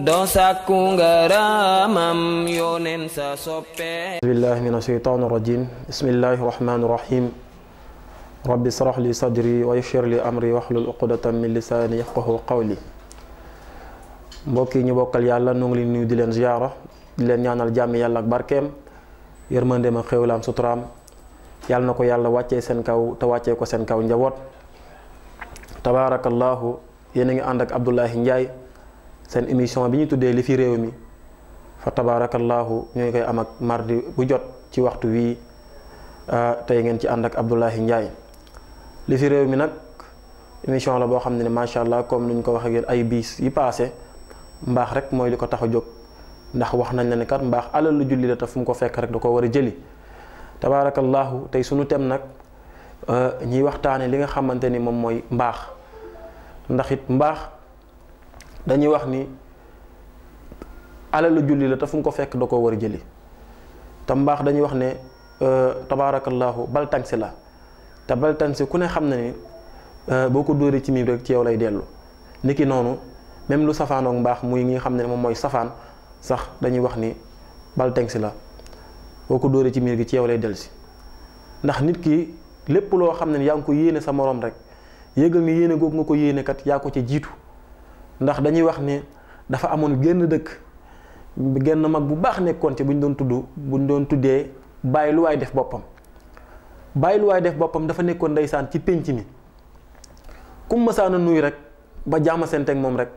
doo sàkku ngërëmam yóneen sa soppe billahi min asheytaan irrajim bismillahi irrahmani irrahim rabbi israh li sadri wa yashir li amri waxlul uqdatan min lisaani yafqahu qawli mbokk yi ñu bokkal yàlla nu ngi leen di leen ziyaara di leen ñaanal jàmm yàlla ak barkeem yërmandeem ak xéewlaam suturaam yàlla na ko yàlla wàccee seen kaw te wàccee ko seen kaw njaboot tabaarakallaahu yéen ngi ànd ak Abdoulahi Ndiaye seen émission bi ñu tuddee li fi réew mi fa tabaarakallaahu ñooy koy am ak mardi bu jot ci waxtu wii euh, tey ngeen ci ànd ak Abdoulahi Ndiaye li fi réew mi nag émission la boo xam ne macha allah comme ni ñu ko waxee ay biis yi paase mbaax rek mooy li ko tax a jóg ndax wax nañ la ne kat mbaax alal lu julli la te fu mu ko fekk rek da ko war a jëli tabaarakallaahu tey suñu tem nag euh, ñiy waxtaane li nga xamante ni moom mooy mbaax ndaxit mbaax. dañuy wax ni alalu julli la te fu mu ko fekk da ko war a jëli te mbaax dañuy wax ne euh, tabaarakallaahu bal tansi la te bal ku ne xam na ni euh, boo ko dóoree ci miim ci yow lay dellu niki noonu même lu safaanook mbaax muy ngi xam ne moom mooy safaan sax dañuy wax ni bal tansi la boo ko dóoree ci miir gi ci yow lay dellu si ndax nit ki lépp loo xam ne yaa ngi ko yéene sa moroom rek yëgal ni yéene googu nga ko yéene kat yaa ko ca jiitu ndax dañuy wax ni dafa amoon génn dëkk genn mag bu baax nekkoon ci bu ñu doon tudd bu ñu doon tuddee bàyyi lu waay def boppam bàyyi lu waay def boppam dafa nekkoon ndeysaan ci pénc mi kum masaana nuyu rek ba jaama senteeg moom rek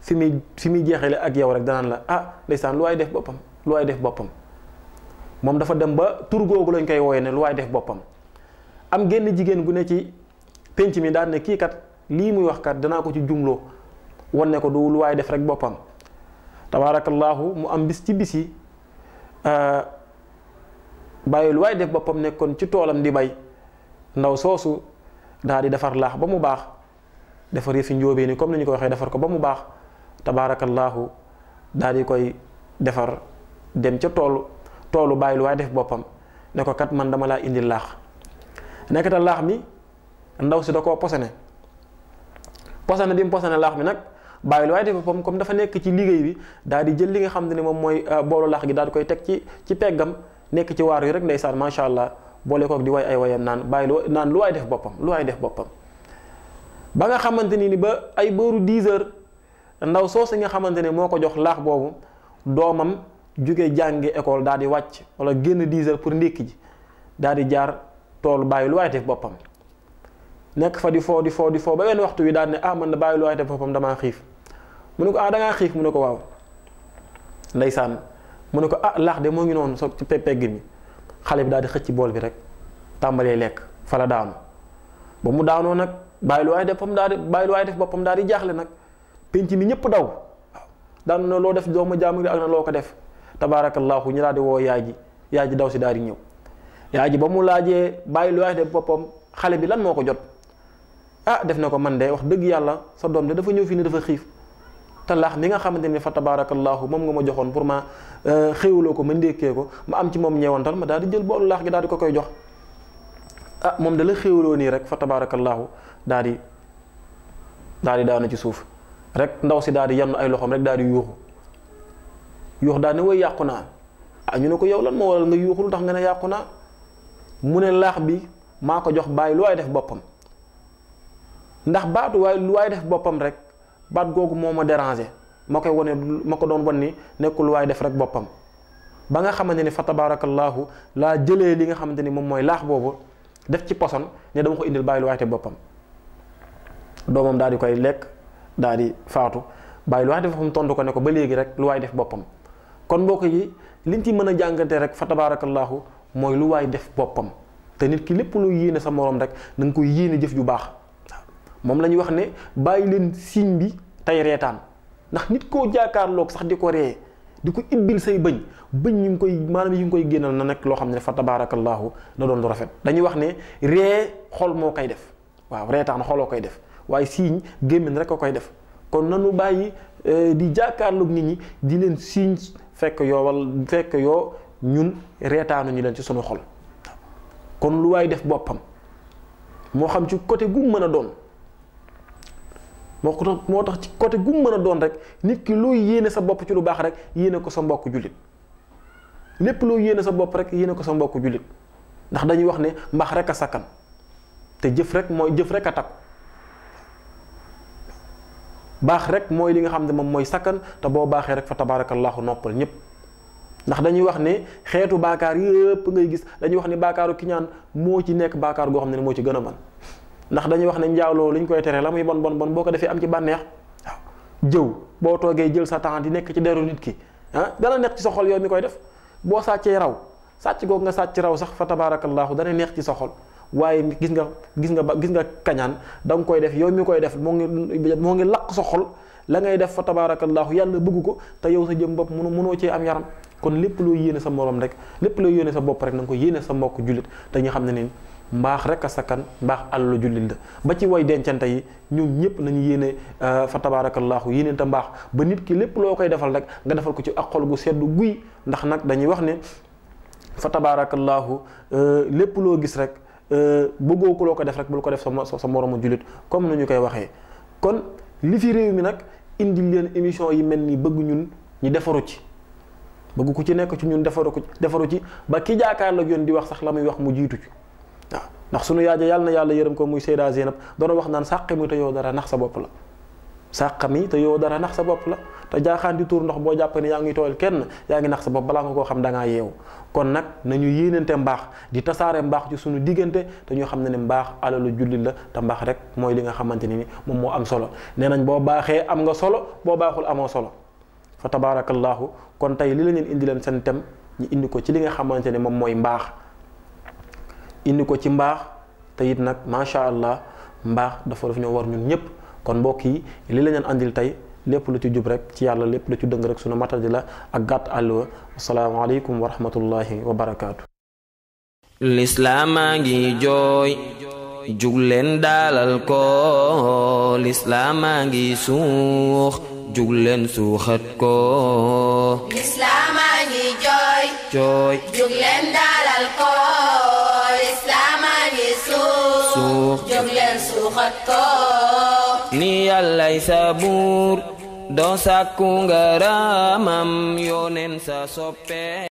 fi muy fi muy jeexale ak yow rek danaan la ah ndeysaan lu waaye def boppam lu waay def boppam moom dafa dem ba tur googu lañ koy wooye ne lu waay def boppam am génn jigéen gu ne ci pénc mi daan kiikat kii lii muy wax kat danaa ko ci jumloo wane ko du waaye def rek boppam tabaarakallaahu mu am bis ci bis yi euh, bàyyi lu waaye def boppam nekkoon ci toolam di bay ndaw soosu daal di defar laax ba mu baax defar yëfi njóobee ni comme ni ñu ko waxee defar ko ba mu baax tabaarakallaahu daal di koy defar dem ca toolu toolu bàyyi lu waaye def boppam ne ko kat man dama laa indi laax nekkata laax mi ndaw si da koo posane posone bi mu posane laax mi nag bàyyil waaye dafa comme dafa nekk ci liggéey bi daal di jël li nga xam ne moom mooy euh, boolu lax gi daal koy teg ci ci peggam nekk ci waar yi rek ndeysaan macha allah boole kook di way ay wayam naan bàyyil naan lu waay def boppam lu waay def nga xamante ni ba ay booru 10 heures ndaw soosu nga xamante ne moo ko jox laax boobu doomam jóge jàngi école daal di wàcc wala génn 10 heures pour ndékki ji daal di jaar toolu bàyyi lu waay def boppam. nekk fa foo di foo di waxtu wi daal ne ah, na bàyyi lu waay def boppam damaa xiif mu ne ko ah da xiif mu ne ko waaw ndeysaan mu ne ko ah laax de moo ngi noonu soog ci pegg mi xale bi daal di xëcc bool bi rek tàmbalee lekk fala daanu ba mu daanoo nag bàyyi lu waay def boppam daal di waay def boppam daal di jaaxle nag penc mi ñëpp daw daanu na loo def doomu jaamu ak na loo ko def tabaarakallaahu ñu daal di woo yaay ji yaay ji daw si daal di ñëw yaay ji ba mu laajee bàyyi lu waay def boppam xale bi lan moo ko jot ah def na ko man de wax dëgg yàlla sa doom de dafa ñëw fii ne dafa xiif. te laax bi nga xamante ni fa tabaarakallaahu moom nga ma joxoon pour ma euh, xéwloo ko ma ndékkee ko ma am ci moom ñeewantal ma daal di jël boolu laax gi daal ko koy jox ah moom dala xéwloo nii rek fa tabaarakallaahu daal di daal di daanu ci suuf rek ndaw si daal di yann ay loxoom rek daal di yuuxu yuux daal ne way yàqu naa ah ñu ne ko yow lan moo waral nga yuuxu lu tax nga ne yàqu naa mu ne laax bi maa ko jox bàyyi lu waay def boppam ndax baatu waaye lu waay def boppam rek baat googu moo ma dérangé ma koy wane ma ko doon wan ni nekkul waaye def rek boppam ba nga xamante ni fa tabaarakallaahu laa jëlee li nga xamante ni moom mooy laax boobu def ci poson ne dama ko indil bàyyil waaye te boppam doomam daal di koy lekk daal di faatu bàyyi lu waay def boppam tontu ko ne ko ba léegi rek lu waay def boppam kon mbokk yi liñ ci mën a jàngante rek fa tabaarakallaahu mooy lu waaye def boppam te nit ki lépp lu yéene sa morom rek danga nga koy yéene jëf ju baax moom la ñuy wax ne bàyyi leen signe bi tey reetaan ndax nit koo jaakaarloog sax di ko ree di ko ibbil say bëñ bëñ ñu ngi koy maanaam yi ngi koy génnal na nekk loo xam ne fa tabaarakallaahu na doon lu rafet dañuy wax ne ree xol moo koy def waaw reetaan xoloo koy def waaye signe gémmiñ rek a koy def kon nanu bàyyi eh, di jaakaarloog nit ñi di leen signe fekk yoo wal fekk yoo ñun reetaanu ñu leen ci sunu xol kon lu waay def boppam moo xam ci côté gu mën a doon moo ko tax moo tax ci côté gu mën a doon rek nit ki loo yéene sa bopp ci lu baax rek yéene ko sa mbokk jullit lépp loo yéene sa bopp rek yéene ko sa mbokk jullit ndax dañuy wax ne mbaax a sakkan te jëf rek mooy jëf rek baax rek mooy li nga xam ne moom mooy sakkan te boo baaxee rek fa tabaarakallaahu noppal ñëpp ndax dañuy wax ne xeetu baakaar yëpp ngay gis dañuy wax ne baakaaru kiñaan moo ci nekk baakaar goo xam ne moo ci gën a mën ndax dañuy wax ne njaaloo li ñu koy tere la muy bon bon bon boo ko defee am ci bànneex waaw jëw boo toogee jël sa temps di nekk ci deru nit ki ah dana neex ci sa xol yow mi koy def boo sàccee raw sàcc googu nga sàcc raw sax fa tabaarakallaahu dana neex ci sa xol waaye gis nga gis nga ba gis nga kañaan da koy def yow mi koy def moo ngi moo ngi lakk sa xol la ngay def fa tabaarakallaahu yàlla bëgg ko te yow sa jëm bopp mënu mënoo cee am yaram kon lépp loo yéene sa morom rek lépp loo yéene sa bopp rek na nga ko yéene sa mbokk jullit te ñu xam ne mbaax rek a sakkan mbaax àllu jullit la ba ci way dencante yi ñoom ñëpp nañu yéene euh, fa tabaarakallaahu yéene te mbaax ba nit ki lépp loo koy defal rek nga defal ko ci ak xol gu sedd guy ndax nag dañuy wax ne fa tabaarakallaahu euh, lépp loo gis rek euh, bëggoo loo ko def rek bul ko def sa sa moromu jullit comme nu ñu koy waxee kon li fi réew mi nag indi leen émission yi mel ni bëgg ñun ñu defaru ci bëgg ku ci nekk ci ñun defaru ci defaru ci ba ki jaakaar la yoon di wax sax la muy wax mu jiitu ci ndax sunu yaay ja yàlla na yàlla yërëm ko muy Seyda Zeynab doon wax naan sàq mi te yow dara nax sa bopp la sàq mi te yow dara nax sa bopp la te jaaxaan di tuur ndox boo jàpp ne yaa ngi tooyal kenn yaa ngi nax sa bopp balaa nga ko xam da ngaa yeewu kon nag nañu yéenante mbaax di tasaare mbaax ci suñu diggante te ñu xam ne ne mbaax alalu julli la te mbaax rek mooy li nga xamante ni moom moo am solo nee nañ boo baaxee am nga solo boo baaxul amoo solo fa tabaarakallaahu kon tey li la leen indi leen seen ñu indi ko ci li nga xamante ne moom mooy mbaax indi ko ci mbaax te nag macha allah mbaax dafa daf ñoo war ñun ñëpp kon mbokk yi li la leen tey lépp lu ci jub rek ci yàlla lépp lu ci dëng rek sunu matadi la ak gàtt àlluwa asalaamaaleykum wa rahmatullahi wa barakaatu. lislaam a ngi jooy leen daalal ngi suux jug leen suuxat daalal ko. suux jóg leen suuxat ko ni yàllay sa buur doo sàkku ngaramam yóneen sa soppe